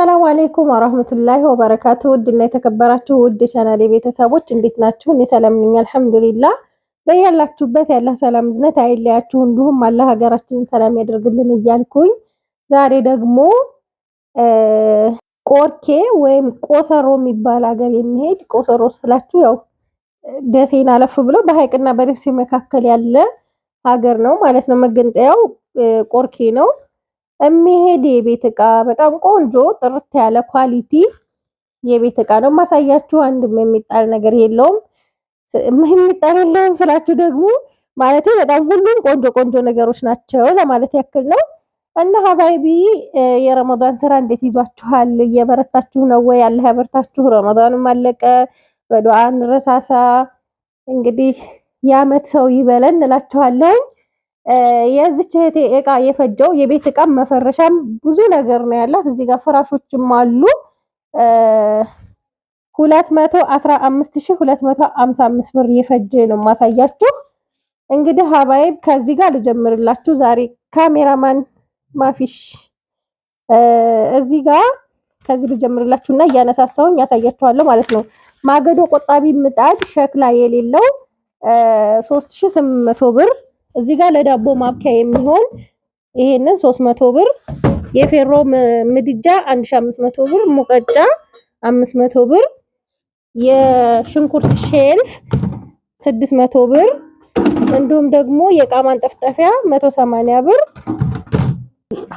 አሰላሙ አሌይኩም ወረህመቱላሂ ወበረካቱ። ውድና የተከበራችሁ ውድ ቻናል ቤተሰቦች እንዴት ናችሁ? እኔ ሰላም ነኝ አልሐምዱሊላ። በያላችሁበት ያለ ሰላም እዝነት አይለያችሁ፣ እንዲሁም አላህ ሀገራችንን ሰላም ያደርግልን እያልኩኝ ዛሬ ደግሞ ቆርኬ ወይም ቆሰሮ የሚባል ሀገር የሚሄድ ቆሰሮ ስላችሁ ያው ደሴን አለፍ ብሎ በሀይቅና በደሴ መካከል ያለ ሀገር ነው ማለት ነው። መገንጠያው ቆርኬ ነው። የሚሄድ የቤት እቃ በጣም ቆንጆ ጥርት ያለ ኳሊቲ የቤት እቃ ነው ማሳያችሁ። አንድም የሚጣል ነገር የለውም። የሚጣል የለውም ስላችሁ ደግሞ ማለት በጣም ሁሉም ቆንጆ ቆንጆ ነገሮች ናቸው ለማለት ያክል ነው። እና ሀባይቢ የረመዳን ስራ እንዴት ይዟችኋል? እየበረታችሁ ነው ወይ? አላህ ያበርታችሁ። ረመዳንም አለቀ፣ በዱዓ እንረሳሳ። እንግዲህ የአመት ሰው ይበለን እንላችኋለን። የዚች እህቴ እቃ የፈጀው የቤት እቃም መፈረሻም ብዙ ነገር ነው ያላት። እዚህ ጋር ፍራሾችም አሉ። ሁለት መቶ አስራ አምስት ሁለት መቶ አምሳ አምስት ብር የፈጀ ነው ማሳያችሁ። እንግዲህ ሀባይብ ከዚህ ጋር ልጀምርላችሁ ዛሬ ካሜራማን ማፊሽ እዚህ ጋር ከዚህ ልጀምርላችሁ እና እያነሳሳውን ያሳያችኋለሁ ማለት ነው። ማገዶ ቆጣቢ ምጣድ ሸክላ የሌለው ሶስት ስምንት መቶ ብር እዚህ ጋር ለዳቦ ማብኪያ የሚሆን ይሄንን 300 ብር፣ የፌሮ ምድጃ 1500 ብር፣ ሙቀጫ 500 ብር፣ የሽንኩርት ሼልፍ 600 ብር፣ እንዲሁም ደግሞ የእቃ ማንጠፍጠፊያ 180 ብር፣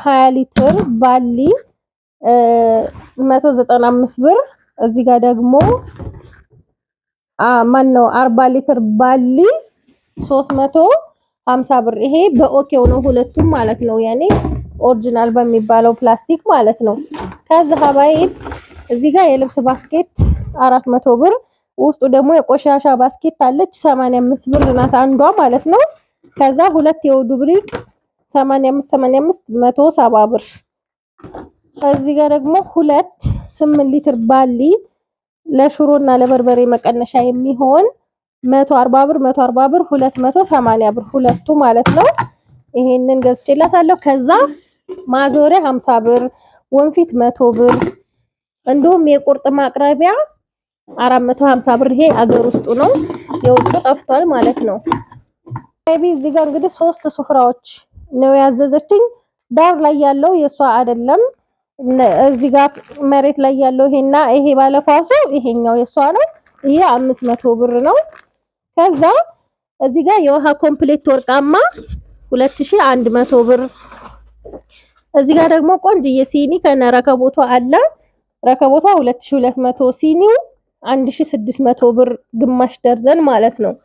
20 ሊትር ባሊ 195 ብር። እዚህ ጋር ደግሞ ማን ነው 40 ሊትር ባሊ 300 ሀምሳ ብር ይሄ በኦኬው ነው ሁለቱም ማለት ነው። ያኔ ኦሪጂናል በሚባለው ፕላስቲክ ማለት ነው። ከዛ ሀባይብ እዚህ ጋር የልብስ ባስኬት አራት መቶ ብር ውስጡ ደግሞ የቆሻሻ ባስኬት አለች 85 ብር ናት አንዷ ማለት ነው። ከዛ ሁለት የዱብሪቅ 85 85 170 ብር። እዚህ ጋር ደግሞ ሁለት 8 ሊትር ባሊ ለሽሮና ለበርበሬ መቀነሻ የሚሆን 140 ብር 140 ብር 280 ብር ሁለቱ ማለት ነው። ይሄንን ገዝቼላታለሁ። ከዛ ማዞሪያ 50 ብር፣ ወንፊት 100 ብር እንዲሁም የቁርጥ ማቅረቢያ 450 ብር። ይሄ አገር ውስጡ ነው፣ የውጭ ጠፍቷል ማለት ነው። አይቢ እዚህ ጋር እንግዲህ ሶስት ስፍራዎች ነው ያዘዘችኝ። ዳር ላይ ያለው የእሷ አይደለም። እዚህ ጋር መሬት ላይ ያለው ይሄና ይሄ ባለኳሱ ይሄኛው የእሷ ነው። ይሄ አምስት ብር ነው። ከዛ እዚህ ጋር የውሃ ኮምፕሌት ወርቃማ 2100 ብር። እዚህ ጋር ደግሞ ቆንጅዬ ሲኒ ከነ ረከቦቷ አለ። ረከቦቷ 2200፣ ሲኒው 1600 ብር ግማሽ ደርዘን ማለት ነው።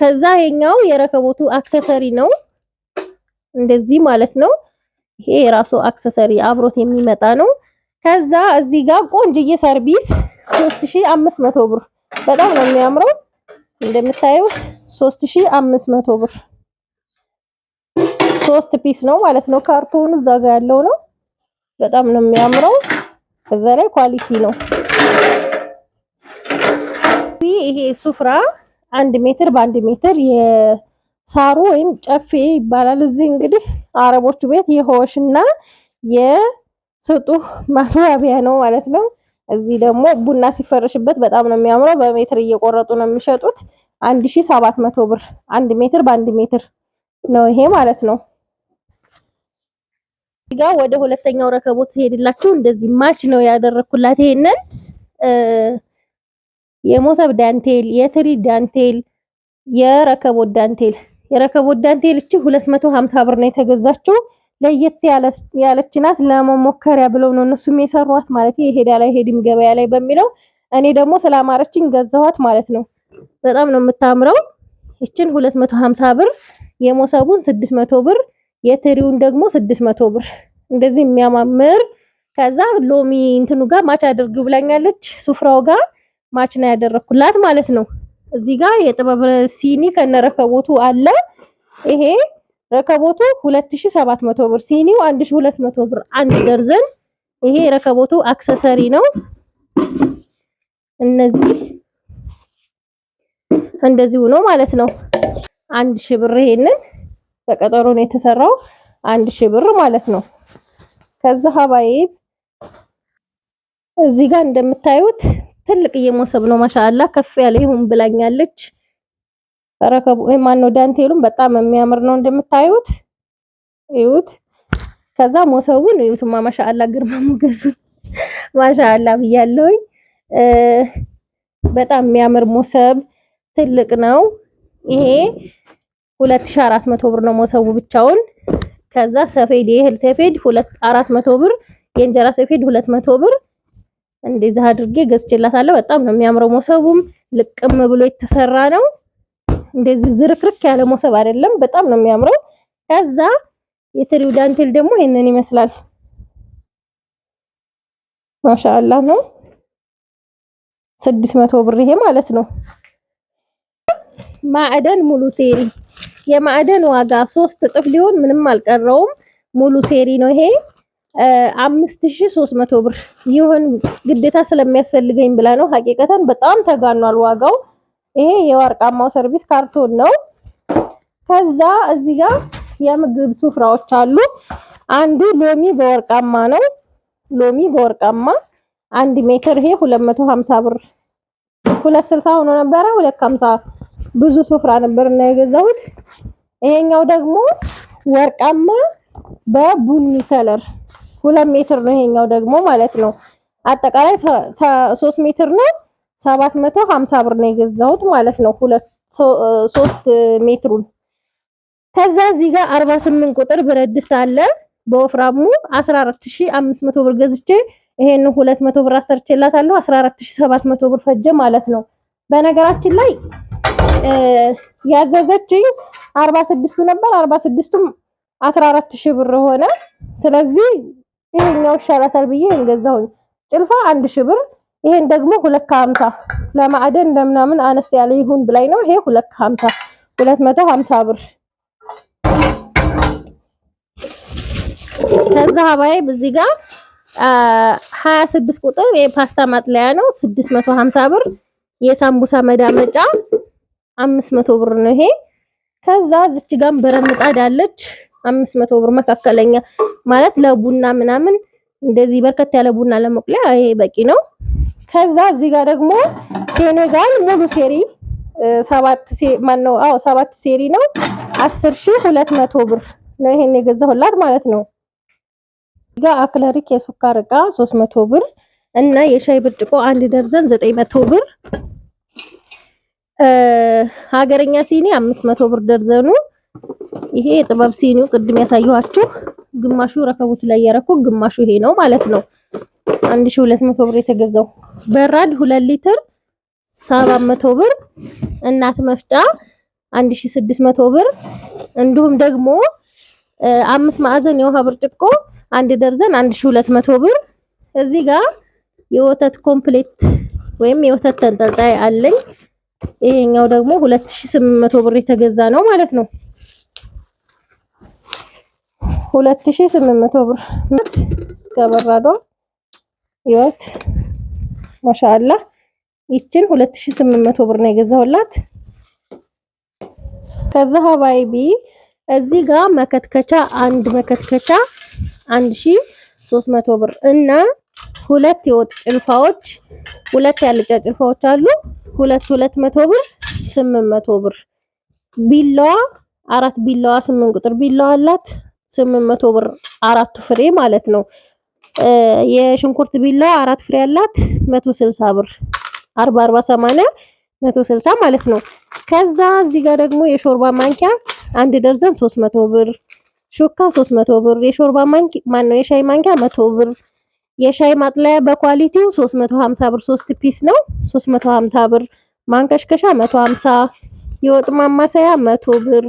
ከዛ የኛው የረከቦቱ አክሰሰሪ ነው እንደዚህ ማለት ነው። ይሄ የራሱ አክሰሰሪ አብሮት የሚመጣ ነው። ከዛ እዚህ ጋር ቆንጅዬ ሰርቪስ 3500 ብር በጣም ነው የሚያምረው። እንደምታዩት 3500 ብር ሶስት ፒስ ነው ማለት ነው። ካርቶኑ እዛ ጋር ያለው ነው። በጣም ነው የሚያምረው። በዛ ላይ ኳሊቲ ነው። ይሄ ሱፍራ አንድ ሜትር በአንድ ሜትር የሳሩ ወይም ጨፌ ይባላል። እዚህ እንግዲህ አረቦቹ ቤት የሆሽና የስጡህ ማስዋቢያ ነው ማለት ነው። እዚህ ደግሞ ቡና ሲፈረሽበት በጣም ነው የሚያምረው። በሜትር እየቆረጡ ነው የሚሸጡት። 1700 ብር አንድ ሜትር በአንድ ሜትር ነው ይሄ ማለት ነው። ጋ ወደ ሁለተኛው ረከቦት ሲሄድላችሁ እንደዚህ ማች ነው ያደረኩላት። ይሄንን የሞሰብ ዳንቴል፣ የትሪ ዳንቴል፣ የረከቦት ዳንቴል የረከቦት ዳንቴል እቺ 250 ብር ነው የተገዛችው። ለየት ያለች ናት። ለመሞከሪያ ብለው ነው እነሱም የሰሯት ማለት ላይ ሄድም ገበያ ላይ በሚለው እኔ ደግሞ ስላማረችኝ ገዛኋት ማለት ነው። በጣም ነው የምታምረው። ይችን 250 ብር የሞሰቡን 600 ብር የትሪውን ደግሞ 600 ብር እንደዚህ የሚያማምር ከዛ ሎሚ እንትኑ ጋር ማች አድርጊው ብላኛለች። ሱፍራው ጋር ማች ነው ያደረኩላት ማለት ነው። እዚህ ጋር የጥበብ ሲኒ ከነረከቦቱ አለ ይሄ ረከቦቱ 2700 ብር፣ ሲኒው 1200 ብር አንድ ደርዘን። ይሄ ረከቦቱ አክሰሰሪ ነው። እነዚህ እንደዚህ ነው ማለት ነው። አንድ ሺህ ብር ይሄንን በቀጠሮ ነው የተሰራው። አንድ ሺህ ብር ማለት ነው። ከዛ ሀባይብ እዚህ ጋር እንደምታዩት ትልቅ እየሞሰብ ነው ማሻአላ ከፍ ያለ ይሁን ብላኛለች። ረከቡ ነው ዳንቴሉም በጣም የሚያምር ነው እንደምታዩት፣ እዩት። ከዛ ሞሰቡን እዩትማ፣ ማሻአላ ግርማ ሞገሱ ማሻአላ ብያለሁኝ። በጣም የሚያምር ሞሰብ ትልቅ ነው ይሄ። 2400 ብር ነው ሞሰቡ ብቻውን። ከዛ ሰፌድ የእህል ሰፌድ 2400 ብር፣ የእንጀራ ሰፌድ 200 ብር እንደዛ አድርጌ ገዝቼላታለሁ። በጣም ነው የሚያምረው። ሞሰቡም ልቅም ብሎ የተሰራ ነው። እንደዚህ ዝርክርክ ያለ ሞሰብ አይደለም። በጣም ነው የሚያምረው። ከዛ የትሪው ዳንቴል ደግሞ ይሄንን ይመስላል። ማሻአላ ነው። ስድስት መቶ ብር ይሄ ማለት ነው። ማዕደን ሙሉ ሴሪ የማዕደን ዋጋ ሶስት እጥፍ ሊሆን ምንም አልቀረውም። ሙሉ ሴሪ ነው ይሄ አምስት ሶስት መቶ ብር ይሁን ግዴታ ስለሚያስፈልገኝ ብላ ነው። ሀቂቀተን በጣም ተጋኗል ዋጋው። ይሄ የወርቃማው ሰርቪስ ካርቶን ነው። ከዛ እዚህ ጋር የምግብ ሱፍራዎች አሉ። አንዱ ሎሚ በወርቃማ ነው። ሎሚ በወርቃማ አንድ ሜትር ይሄ 250 ብር 260 ሆኖ ነበረ 250 ብዙ ሱፍራ ነበር እና የገዛሁት። ይሄኛው ደግሞ ወርቃማ በቡኒ ከለር ሁለት ሜትር ነው። ይሄኛው ደግሞ ማለት ነው አጠቃላይ ሶስት ሜትር ነው። ሰባት መቶ ሀምሳ ብር ነው የገዛሁት ማለት ነው። ሁለት ሶስት ሜትሩን ከዛ እዚህ ጋር 48 ቁጥር ብረት ድስት አለ። በወፍራሙ 14500 ብር ገዝቼ ይሄን 200 ብር አሰርቼላታለሁ። 14700 ብር ፈጀ ማለት ነው። በነገራችን ላይ ያዘዘችኝ 46ቱ ነበር። 46ቱም 14000 ብር ሆነ። ስለዚህ ይሄኛው ይሻላታል ብዬ እንገዛሁኝ። ጭልፋ 1000 ብር ይሄን ደግሞ ሁለት ከሀምሳ ለማዕደን ለምናምን አነስ ያለ ይሁን ብላይ ነው። ይሄ ሁለት ከሀምሳ ሁለት መቶ ሀምሳ ብር። ከዛ ሀባይ እዚህ ጋር ሀያ ስድስት ቁጥር የፓስታ ማጥለያ ነው ስድስት መቶ ሀምሳ ብር። የሳምቡሳ መዳመጫ አምስት መቶ ብር ነው ይሄ። ከዛ እዚች ጋር በረምጣድ አለች አምስት መቶ ብር መካከለኛ ማለት ለቡና ምናምን እንደዚህ በርከት ያለ ቡና ለመቁለያ ይሄ በቂ ነው። ከዛ እዚህ ጋር ደግሞ ሴኔጋል ሙሉ ሴሪ ሰባት ማን ነው? አዎ ሰባት ሴሪ ነው። 10200 ብር ነው ይሄን የገዛሁላት ማለት ነው። ጋ አክለሪክ የሱካር እቃ 300 ብር እና የሻይ ብርጭቆ አንድ ደርዘን 900 ብር። ሀገረኛ ሲኒ 500 ብር ደርዘኑ። ይሄ የጥበብ ሲኒው ቅድም ያሳየኋችሁ ግማሹ ረከቦት ላይ ያረኩ ግማሹ ይሄ ነው ማለት ነው። 1200 ብር የተገዛው በራድ 2 ሊትር 700 ብር፣ እናት መፍጫ 1600 ብር፣ እንዲሁም ደግሞ አምስት ማዕዘን የውሃ ብርጭቆ አንድ ደርዘን 1200 ብር። እዚህ ጋር የወተት ኮምፕሌት ወይም የወተት ተንጠልጣይ አለኝ። ይሄኛው ደግሞ 2800 ብር የተገዛ ነው ማለት ነው። ሁለት ሺ ስምንት መቶ ብር እስከ በራዷ ይወት ማሻአላ ይችን ሁለት ሺ ስምንት መቶ ብር ነው የገዛሁላት። ከዛ ሀባይቢ እዚህ ጋር መከትከቻ አንድ መከትከቻ አንድ ሺ ሶስት መቶ ብር እና ሁለት የወጥ ጭልፋዎች ሁለት ያልጫ ጭልፋዎች አሉ። ሁለት ሁለት መቶ ብር ስምንት መቶ ብር ቢላዋ አራት ቢላዋ ስምንት ቁጥር ቢላዋ አላት። ስምንት መቶ ብር አራት ፍሬ ማለት ነው። የሽንኩርት ቢላ አራት ፍሬ ያላት 160 ብር 40 40 80 160 ማለት ነው። ከዛ እዚህ ጋር ደግሞ የሾርባ ማንኪያ አንድ ደርዘን 300 ብር፣ ሹካ 300 ብር፣ የሾርባ ማንኪያ ማን ነው የሻይ ማንኪያ 100 ብር፣ የሻይ ማጥለያ በኳሊቲው 350 ብር 3 ፒስ ነው 350 ብር፣ ማንከሽከሻ 150፣ የወጥ ማማሰያ 100 ብር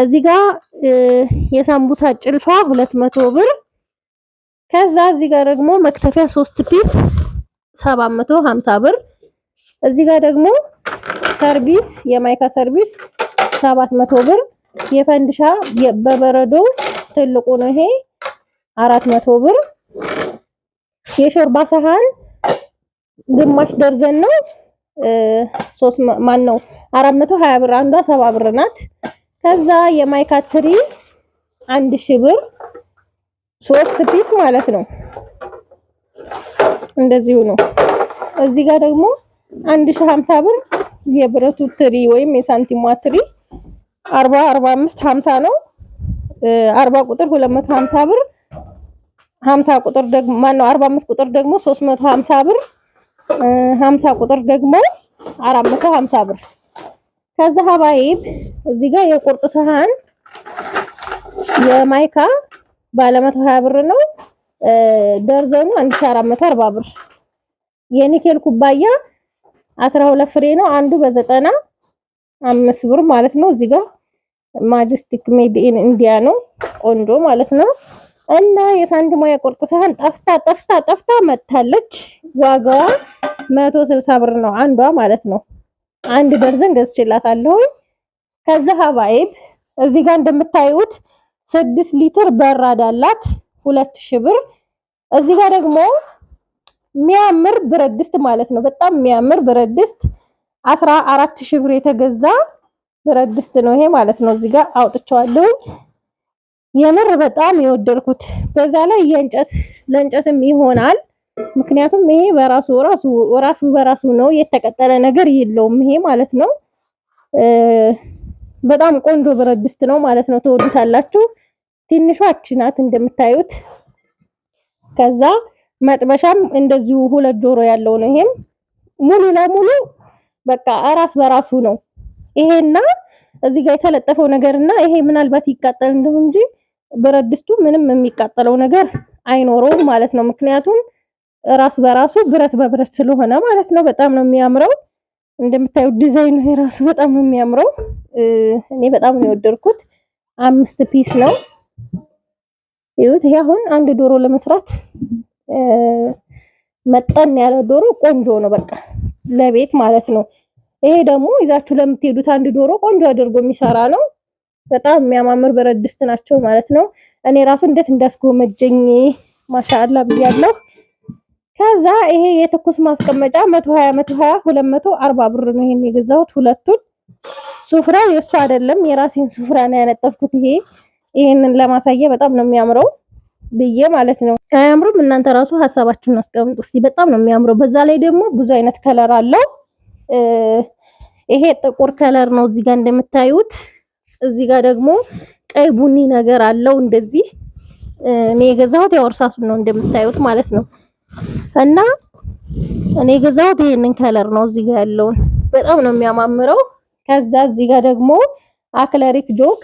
እዚህ ጋር የሳምቡሳ ጭልፋ 200 ብር። ከዛ እዚህ ጋር ደግሞ መክተፊያ 3 ፒስ 750 ብር። እዚህ ጋር ደግሞ ሰርቪስ የማይካ ሰርቪስ 700 ብር። የፈንድሻ በበረዶ ትልቁ ነው ይሄ 400 ብር። የሾርባ ሰሃን ግማሽ ደርዘን ነው ሶስት ማን ነው 420 ብር። አንዷ 70 ብር ናት። ከዛ የማይካትሪ አንድ ሺህ ብር ሶስት ፒስ ማለት ነው። እንደዚሁ ነው። እዚህ ጋር ደግሞ አንድ ሺህ ሀምሳ ብር የብረቱ ትሪ ወይም የሳንቲሟ ትሪ አርባ አርባ አምስት ሀምሳ ነው። አርባ ቁጥር ሁለት መቶ ሀምሳ ብር ሀምሳ ቁጥር ደግሞ ማነው አርባ አምስት ቁጥር ደግሞ ሶስት መቶ ሀምሳ ብር ሀምሳ ቁጥር ደግሞ አራት መቶ ሀምሳ ብር ከዛ ሀባይብ እዚህ ጋር የቁርጥ ሰሃን የማይካ ባለ 120 ብር ነው። ደርዘኑ 1440 ብር። የኒኬል ኩባያ 12 ፍሬ ነው። አንዱ በ95 ብር ማለት ነው። እዚህ ጋር ማጀስቲክ ሜድ ኢን ኢንዲያ ነው። ቆንጆ ማለት ነው። እና የሳንድ የቁርጥ ቁርጥ ሰሃን ጠፍታ ጠፍታ ጠፍታ መታለች። ዋጋዋ 160 ብር ነው አንዷ ማለት ነው። አንድ ደርዘን ገዝቼላታለሁ። ከዛ ሀባይብ እዚህ ጋር እንደምታዩት ስድስት ሊትር በራድ አላት ሁለት ሺህ ብር። እዚህ ጋር ደግሞ የሚያምር ብረት ድስት ማለት ነው። በጣም የሚያምር ብረት ድስት አስራ አራት ሺህ ብር የተገዛ ብረት ድስት ነው ይሄ ማለት ነው። እዚህ ጋር አውጥቼዋለሁኝ። የምር በጣም የወደድኩት በዛ ላይ የእንጨት ለእንጨትም ይሆናል ምክንያቱም ይሄ በራሱ ራሱ ራሱ በራሱ ነው የተቀጠለ ነገር የለውም። ይሄ ማለት ነው በጣም ቆንጆ ብረት ድስት ነው ማለት ነው። ትወዱታላችሁ። ትንሿች ናት እንደምታዩት። ከዛ መጥበሻም እንደዚሁ ሁለት ጆሮ ያለው ነው። ይሄም ሙሉ ለሙሉ በቃ እራስ በራሱ ነው ይሄና እዚህ ጋር የተለጠፈው ነገርና ይሄ ምናልባት ይቃጠል እንደሆነ እንጂ ብረት ድስቱ ምንም የሚቃጠለው ነገር አይኖረውም ማለት ነው ምክንያቱም ራስ በራሱ ብረት በብረት ስለሆነ ማለት ነው። በጣም ነው የሚያምረው። እንደምታዩት ዲዛይኑ የራሱ በጣም ነው የሚያምረው። እኔ በጣም ነው የወደድኩት። አምስት ፒስ ነው። ይሁት ይሄ አሁን አንድ ዶሮ ለመስራት መጠን ያለ ዶሮ ቆንጆ ነው፣ በቃ ለቤት ማለት ነው። ይሄ ደግሞ ይዛችሁ ለምትሄዱት አንድ ዶሮ ቆንጆ አድርጎ የሚሰራ ነው። በጣም የሚያማምር ብረት ድስት ናቸው ማለት ነው። እኔ ራሱ እንዴት እንዳስጎመጀኝ ማሻአላ ብያለሁ። ከዛ ይሄ የትኩስ ማስቀመጫ 120 120 240 ብር ነው ይሄን የገዛሁት ሁለቱን። ሱፍራው የእሱ አይደለም የራሴን ሱፍራ ነው ያነጠፍኩት። ይሄ ይሄንን ለማሳየ በጣም ነው የሚያምረው ብዬ ማለት ነው። አያምሩም? እናንተ ራሱ ሀሳባችሁን አስቀምጡ እስቲ። በጣም ነው የሚያምረው። በዛ ላይ ደግሞ ብዙ አይነት ከለር አለው። ይሄ ጥቁር ከለር ነው እዚህ ጋር እንደምታዩት። እዚህ ጋር ደግሞ ቀይ ቡኒ ነገር አለው እንደዚህ። እኔ የገዛሁት ያው እርሳሱን ነው እንደምታዩት ማለት ነው። እና እኔ ገዛሁት ይሄንን ከለር ነው እዚህ ጋር ያለውን በጣም ነው የሚያማምረው። ከዛ እዚህ ጋር ደግሞ አክለሪክ ጆክ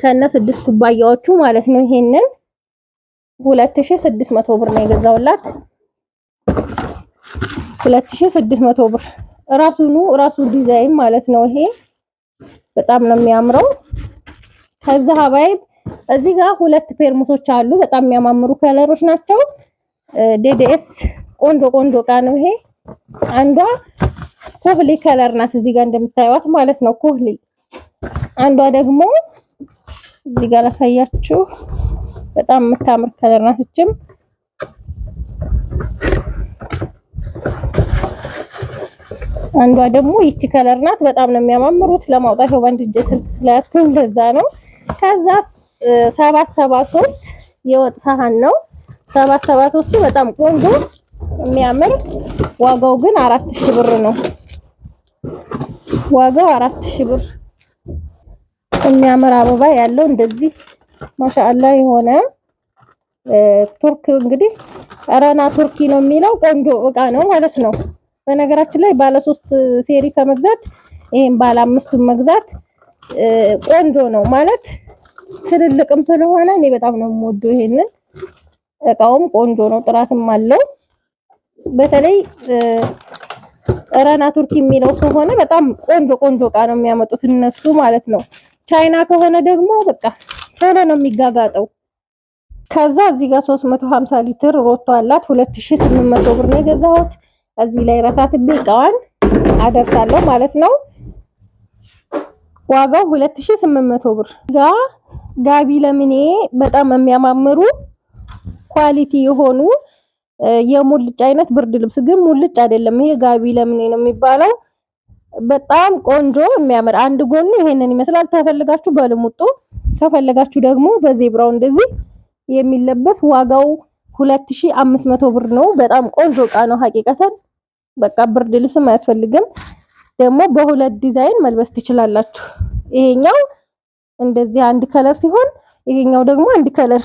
ከነ ስድስት ኩባያዎቹ ማለት ነው። ይሄንን 2600 ብር ነው የገዛውላት 2600 ብር ራሱኑ ራሱ ዲዛይን ማለት ነው። ይሄ በጣም ነው የሚያምረው። ከዛ ሀባይብ እዚህ ጋር ሁለት ፔርሙሶች አሉ። በጣም የሚያማምሩ ከለሮች ናቸው። ዴዴኤስ ቆንጆ ቆንጆ እቃ ነው ይሄ። አንዷ ኩህሊ ከለር ናት እዚህ ጋር እንደምታዩት ማለት ነው ኩህሊ። አንዷ ደግሞ እዚህ ጋር ላሳያችሁ በጣም የምታምር ከለር ናት እችም አንዷ ደግሞ ይቺ ከለር ናት። በጣም ነው የሚያማምሩት። ለማውጣት ይኸው በአንድ እጄ ስልክ ስለያዝኩኝ ለዛ ነው። ከዛ 773 የወጥ ሰሃን ነው ሰባት ሰባ ሦስቱ በጣም ቆንጆ የሚያምር ዋጋው ግን አራት ሺህ ብር ነው። ዋጋው አራት ሺህ ብር የሚያምር አበባ ያለው እንደዚህ ማሻአላ የሆነ ቱርክ እንግዲህ ረና ቱርኪ ነው የሚለው ቆንጆ እቃ ነው ማለት ነው። በነገራችን ላይ ባለ ሶስት ሴሪ ከመግዛት ይሄን ባለ አምስቱን መግዛት ቆንጆ ነው ማለት ትልልቅም ስለሆነ እኔ በጣም ነው የምወደው ይሄንን እቃውም ቆንጆ ነው፣ ጥራትም አለው። በተለይ ረና ቱርክ የሚለው ከሆነ በጣም ቆንጆ ቆንጆ እቃ ነው የሚያመጡት እነሱ ማለት ነው። ቻይና ከሆነ ደግሞ በቃ ቶሎ ነው የሚጋጋጠው። ከዛ እዚህ ጋር 350 ሊትር ሮቶ አላት። 2800 ብር ነው የገዛሁት። እዚህ ላይ ረታትቤ እቃዋን አደርሳለሁ ማለት ነው። ዋጋው 2800 ብር። ጋ ጋቢ ለምኔ በጣም የሚያማምሩ ኳሊቲ የሆኑ የሙልጭ አይነት ብርድ ልብስ ግን ሙልጭ አይደለም። ይሄ ጋቢ ለምኔ ነው የሚባለው። በጣም ቆንጆ የሚያምር አንድ ጎኑ ይሄንን ይመስላል። ተፈልጋችሁ በልሙጡ ከፈለጋችሁ ደግሞ በዜብራው እንደዚህ የሚለበስ ዋጋው 2500 ብር ነው። በጣም ቆንጆ እቃ ነው። ሀቂቀተን በቃ ብርድ ልብስም አያስፈልግም። ደግሞ በሁለት ዲዛይን መልበስ ትችላላችሁ። ይሄኛው እንደዚህ አንድ ከለር ሲሆን ይሄኛው ደግሞ አንድ ከለር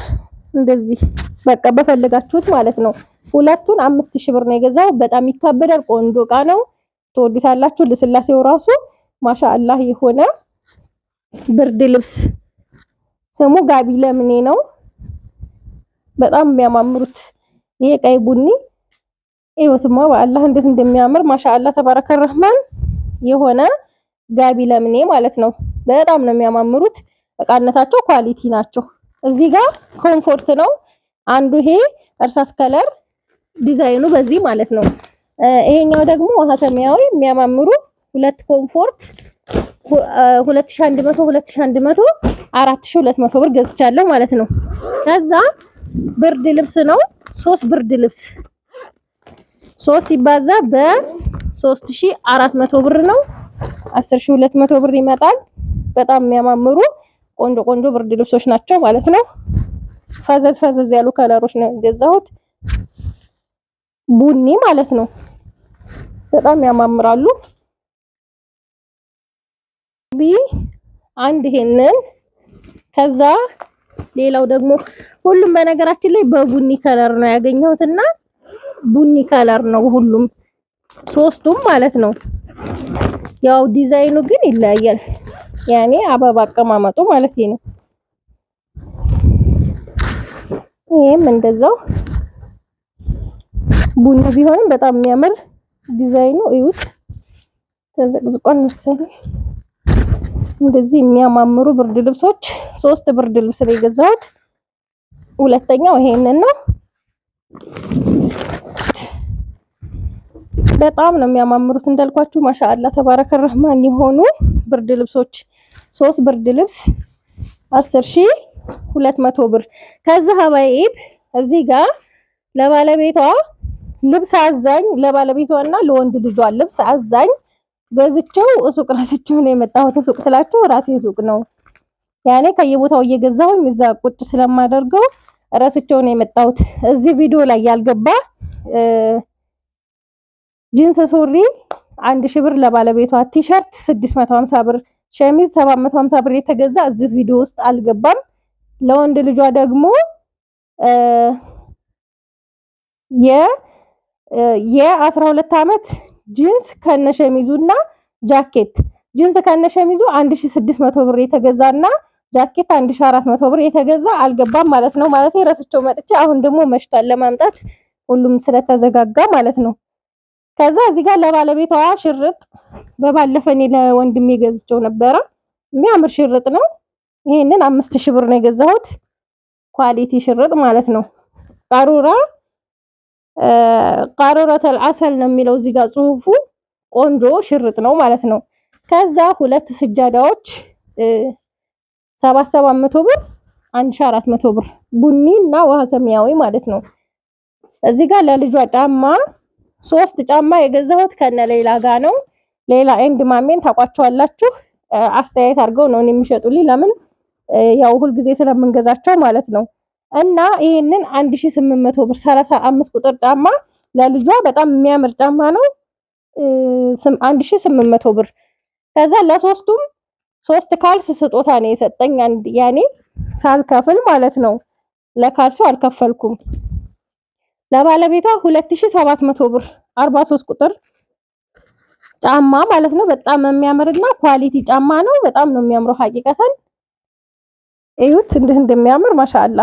እንደዚህ በቃ በፈለጋችሁት ማለት ነው። ሁለቱን አምስት ሺህ ብር ነው የገዛው። በጣም ይካበዳል። ቆንጆ እቃ ነው። ትወዱታላችሁ። ልስላሴው ራሱ ማሻአላህ የሆነ ብርድ ልብስ ስሙ ጋቢ ለምኔ ነው። በጣም የሚያማምሩት ይሄ ቀይ ቡኒ ይወትማ በአላህ እንዴት እንደሚያምር ማሻአላህ ተባረከ ረህማን የሆነ ጋቢ ለምኔ ማለት ነው። በጣም ነው የሚያማምሩት። እቃነታቸው ኳሊቲ ናቸው። እዚህ ጋር ኮምፎርት ነው። አንዱ ይሄ እርሳስ ከለር ዲዛይኑ በዚህ ማለት ነው። ይሄኛው ደግሞ ውሃ ሰማያዊ የሚያማምሩ ሁለት ኮምፎርት 2100 2100 4200 ብር ገዝቻለሁ ማለት ነው። ከዛ ብርድ ልብስ ነው ሶስት ብርድ ልብስ ሶስት ሲባዛ በ3400 ብር ነው 10200 ብር ይመጣል። በጣም የሚያማምሩ ቆንጆ ቆንጆ ብርድ ልብሶች ናቸው ማለት ነው። ፈዘዝ ፈዘዝ ያሉ ከለሮች ነው የገዛሁት። ቡኒ ማለት ነው። በጣም ያማምራሉ። ቢ አንድ ይሄንን ከዛ ሌላው ደግሞ ሁሉም በነገራችን ላይ በቡኒ ከለር ነው ያገኘሁት እና ቡኒ ከለር ነው ሁሉም ሶስቱም ማለት ነው። ያው ዲዛይኑ ግን ይለያያል። ያኔ አበባ አቀማመጡ ማለት ነው። ይሄም እንደዛው ቡኒ ቢሆንም በጣም የሚያምር ዲዛይኑ እዩት። ተዘቅዝቋል መሰለኝ። እንደዚህ የሚያማምሩ ብርድ ልብሶች ሶስት ብርድ ልብስ ነው የገዛሁት። ሁለተኛው ይሄንን ነው። በጣም ነው የሚያማምሩት እንዳልኳችሁ። ማሻአላ ተባረከ ረህማን የሆኑ ብርድ ልብሶች ሶስት ብርድ ልብስ አስር ሺህ ሁለት መቶ ብር። ከዚህ ሀባይብ እዚህ ጋር ለባለቤቷ ልብስ አዛኝ ለባለቤቷና ለወንድ ልጇ ልብስ አዛኝ ገዝቼው ሱቅ ራስቸው ነው የመጣሁት። ሱቅ ስላቸው ራሴ ሱቅ ነው ያኔ ከየቦታው እየገዛሁኝ እዛ ቁጭ ስለማደርገው ራስቸው ነው የመጣሁት። እዚህ ቪዲዮ ላይ ያልገባ ጂንስ ሱሪ አንድ ሺህ ብር ለባለቤቷ ቲሸርት 650 ብር ሸሚዝ 750 ብር የተገዛ እዚህ ቪዲዮ ውስጥ አልገባም። ለወንድ ልጇ ደግሞ የ የአስራ ሁለት ዓመት ጂንስ ከነሸሚዙና ጃኬት ጂንስ ከነሸሚዙ 1600 ብር የተገዛና ጃኬት 1400 ብር የተገዛ አልገባም ማለት ነው። ማለት ረስቸው መጥቼ አሁን ደግሞ መሽቷል ለማምጣት ሁሉም ስለተዘጋጋ ማለት ነው። ከዛ እዚህ ጋር ለባለቤቷ ሽርጥ በባለፈ እኔ ለወንድሜ ገዝቼው ነበረ። የሚያምር ሽርጥ ነው። ይሄንን አምስት ሺህ ብር ነው የገዛሁት። ኳሊቲ ሽርጥ ማለት ነው። ቃሩራ ቃሩረተል አሰል ነው የሚለው እዚህ ጋር ጽሁፉ። ቆንጆ ሽርጥ ነው ማለት ነው። ከዛ ሁለት ስጃዳዎች 77መቶ ብር መቶ ብር ቡኒ እና ውሃ ሰማያዊ ማለት ነው። እዚህ ጋር ለልጇ ጫማ ሶስት ጫማ የገዛሁት ከነ ሌላ ጋ ነው። ሌላ ኤንድ ማሜን ታቋቸዋላችሁ። አስተያየት አድርገው ነው የሚሸጡልኝ ለምን ያው ሁልጊዜ ስለምንገዛቸው ማለት ነው። እና ይህንን 1800 ብር 35 ቁጥር ጫማ ለልጇ በጣም የሚያምር ጫማ ነው። 1800 ብር ከዛ ለሶስቱም ሶስት ካልስ ስጦታ ነው የሰጠኝ አንድ ያኔ ሳልከፍል ማለት ነው። ለካልሱ አልከፈልኩም። ለባለቤቷ 2700 ብር 43 ቁጥር ጫማ ማለት ነው። በጣም የሚያምርና ኳሊቲ ጫማ ነው። በጣም ነው የሚያምረው ሀቂቀተን እዩት እንዴት እንደሚያምር ማሻአላ።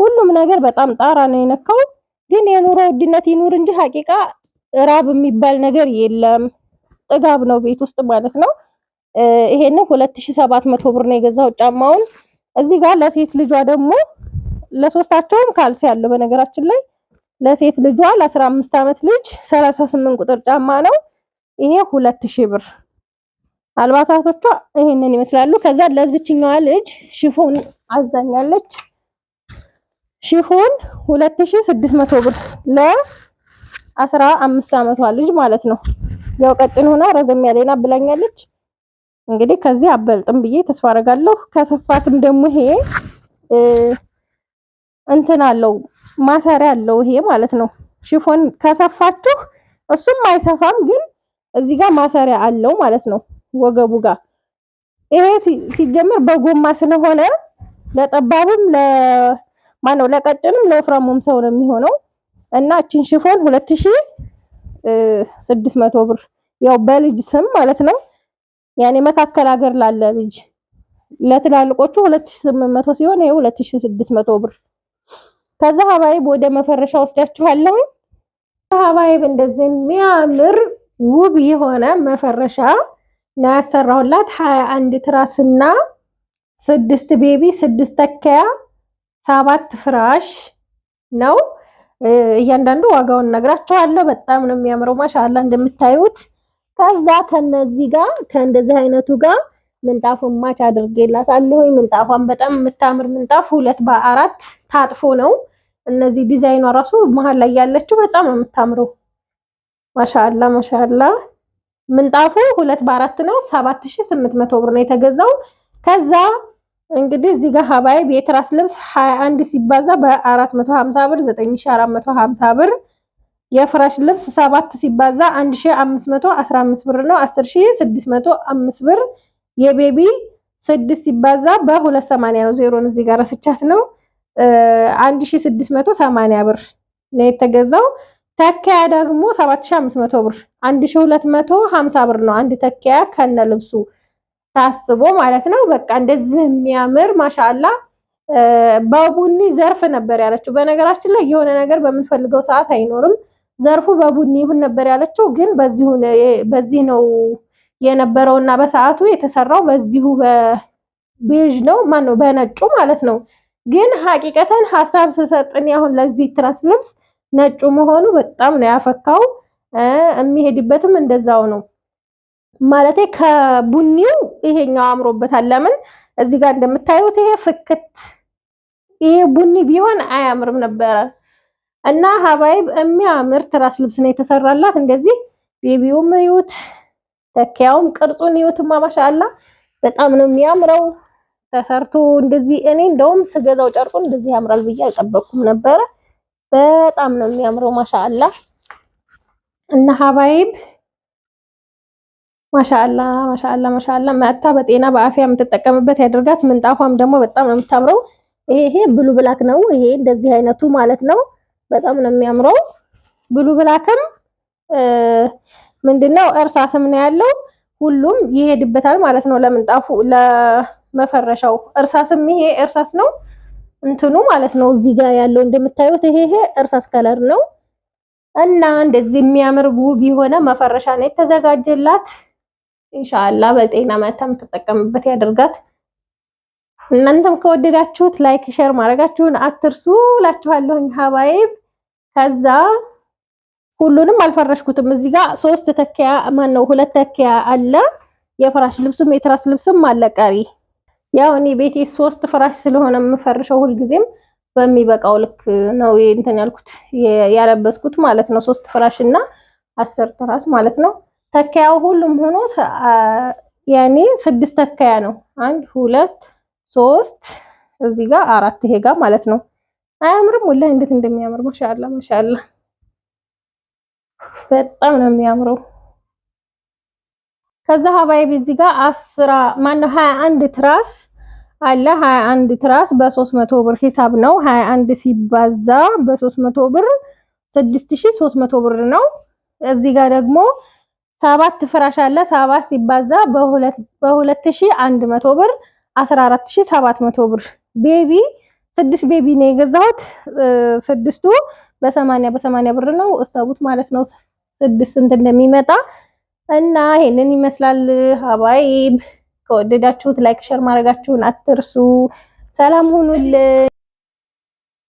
ሁሉም ነገር በጣም ጣራ ነው የነካው። ግን የኑሮ ውድነት ይኑር እንጂ ሀቂቃ ራብ የሚባል ነገር የለም። ጥጋብ ነው ቤት ውስጥ ማለት ነው። ይሄንን 2700 ብር ነው የገዛው ጫማውን። እዚህ ጋር ለሴት ልጇ ደግሞ ለሶስታቸውም ካልሲ ያለው በነገራችን ላይ ለሴት ልጇ ለ15 ዓመት ልጅ 38 ቁጥር ጫማ ነው ይሄ 2000 ብር አልባሳቶቿ ይሄንን ይመስላሉ። ከዛ ለዚችኛዋ ልጅ ሽፎን አዛኛለች። ሽፎን 2600 ብር ለ15 ዓመቷ ልጅ ማለት ነው። ያው ቀጭን ሆና ረዘም ያለና ብላኛለች። እንግዲህ ከዚህ አበልጥም ብዬ ተስፋ አደርጋለሁ። ከሰፋትም ደግሞ ይሄ እንትን አለው ማሰሪያ አለው ይሄ ማለት ነው። ሽፎን ከሰፋችሁ እሱም አይሰፋም፣ ግን እዚህ ጋር ማሰሪያ አለው ማለት ነው። ወገቡ ጋር ይሄ ሲጀመር በጎማ ስለሆነ ለጠባብም ለማነው ለቀጭንም ለወፍራሙም ሰው ነው የሚሆነው እና እችን ሽፎን ሁለት ሺህ ስድስት መቶ ብር ያው በልጅ ስም ማለት ነው። ያኔ መካከል ሀገር ላለ ልጅ ለትላልቆቹ 2800 ሲሆን ይሄ 2600 ብር። ከዛ ሀባይብ ወደ መፈረሻ ወስዳችኋለሁ። ሀባይብ እንደዚህ የሚያምር ውብ የሆነ መፈረሻ ነው ያሰራሁላት። ሀያ አንድ ትራስና ስድስት ቤቢ ስድስት ተከያ ሰባት ፍራሽ ነው። እያንዳንዱ ዋጋውን ነግራችኋለሁ። በጣም ነው የሚያምረው ማሻአላ እንደምታዩት። ከዛ ከነዚህ ጋር ከእንደዚህ አይነቱ ጋር ምንጣፉን ማች አድርጌላታለሁ። ምንጣፏን በጣም የምታምር ምንጣፍ ሁለት በአራት ታጥፎ ነው። እነዚህ ዲዛይኗ ራሱ መሀል ላይ ያለችው በጣም ነው የምታምረው። ማሻአላ ማሻአላ ምንጣፉ ሁለት በአራት ነው 7800 ብር ነው የተገዛው። ከዛ እንግዲህ እዚህ ጋር ሀባይ ቤት ራስ ልብስ 21 ሲባዛ በ450 ብር 9450 ብር፣ የፍራሽ ልብስ 7 ሲባዛ 1515 ብር ነው 10605 ብር፣ የቤቢ 6 ሲባዛ በ280 ነው ዜሮን እዚህ ጋር ስቻት ነው 1680 ብር ነው የተገዛው። ተኪያ ደግሞ 7500 ብር 1250 ብር ነው አንድ ተኪያ ከነ ልብሱ ታስቦ ማለት ነው። በቃ እንደዚህ የሚያምር ማሻላ በቡኒ ዘርፍ ነበር ያለችው። በነገራችን ላይ የሆነ ነገር በምንፈልገው ሰዓት አይኖርም። ዘርፉ በቡኒ ይሁን ነበር ያለችው፣ ግን በዚህ ነው የነበረው እና በሰዓቱ የተሰራው በዚሁ በቤዥ ነው ማነው በነጩ ማለት ነው። ግን ሀቂቀተን ሀሳብ ስሰጥን አሁን ለዚህ ትራስ ልብስ ነጩ መሆኑ በጣም ነው ያፈካው። የሚሄድበትም እንደዛው ነው ማለቴ። ከቡኒው ይሄኛው አምሮበታል። ለምን እዚህ ጋር እንደምታዩት ይሄ ፍክት ይሄ ቡኒ ቢሆን አያምርም ነበረ። እና ሀባይብ የሚያምር ትራስ ልብስ ነው የተሰራላት። እንደዚህ ቤቢውም ይዩት፣ ተኪያውም ቅርጹን ይዩትማ ማሻአላ በጣም ነው የሚያምረው ተሰርቶ እንደዚህ። እኔ እንደውም ስገዛው ጨርቁን እንደዚህ ያምራል ብዬ አልጠበቅኩም ነበረ። በጣም ነው የሚያምረው። ማሻአላ እና ሀባይብ ማሻአላ ማሻአላ ማሻአላ መታ በጤና በአፍያ የምትጠቀምበት ያደርጋት። ምንጣፏም ደግሞ በጣም ነው የምታምረው። ይሄ ይሄ ብሉ ብላክ ነው። ይሄ እንደዚህ አይነቱ ማለት ነው። በጣም ነው የሚያምረው። ብሉ ብላክም ምንድነው እርሳስም ነው ያለው። ሁሉም ይሄድበታል ማለት ነው ለምንጣፉ ለመፈረሻው። እርሳስም ይሄ እርሳስ ነው። እንትኑ ማለት ነው። እዚህ ጋር ያለው እንደምታዩት ይሄ ይሄ እርሳስ ከለር ነው እና እንደዚህ የሚያምር ውብ የሆነ መፈረሻ ነው የተዘጋጀላት። ኢንሻአላህ በጤና መታም ተጠቀምበት ያደርጋት። እናንተም ከወደዳችሁት ላይክ ሼር ማድረጋችሁን አትርሱ እላችኋለሁኝ ሀባይብ። ከዛ ሁሉንም አልፈረሽኩትም። እዚህ ጋር ሶስት ተኪያ ማን ነው ሁለት ተኪያ አለ። የፍራሽ ልብስም የትራስ ልብስም አለ ቀሪ ያው እኔ ቤቴ ሶስት ፍራሽ ስለሆነ የምፈርሸው ሁልጊዜም በሚበቃው ልክ ነው እንትን ያልኩት ያለበስኩት ማለት ነው። ሶስት ፍራሽ እና አስር ትራስ ማለት ነው። ተካያው ሁሉም ሆኖ ያኔ ስድስት ተካያ ነው። አንድ ሁለት ሶስት እዚህ ጋር አራት ይሄ ጋር ማለት ነው። አያምርም? ወላሂ እንዴት እንደሚያምር ማሻአላ ማሻአላ፣ በጣም ነው የሚያምረው። ከዛ ሀባይ ቢዚ ጋር አስራ ማነው ሀያ አንድ ትራስ አለ። ሀያ አንድ ትራስ በሶስት መቶ ብር ሂሳብ ነው። ሀያ አንድ ሲባዛ በሶስት መቶ ብር ስድስት ሺ ሶስት መቶ ብር ነው። እዚህ ጋር ደግሞ ሰባት ፍራሽ አለ። ሰባት ሲባዛ በሁለት ሺ አንድ መቶ ብር አስራ አራት ሺ ሰባት መቶ ብር ቤቢ ስድስት ቤቢ ነው የገዛሁት። ስድስቱ በሰማንያ በሰማንያ ብር ነው እሰቡት ማለት ነው ስድስት ስንት እንደሚመጣ እና ይሄንን ይመስላል ሀባይብ። ከወደዳችሁት ላይክ ሸር ማድረጋችሁን አትርሱ። ሰላም ሁኑልን።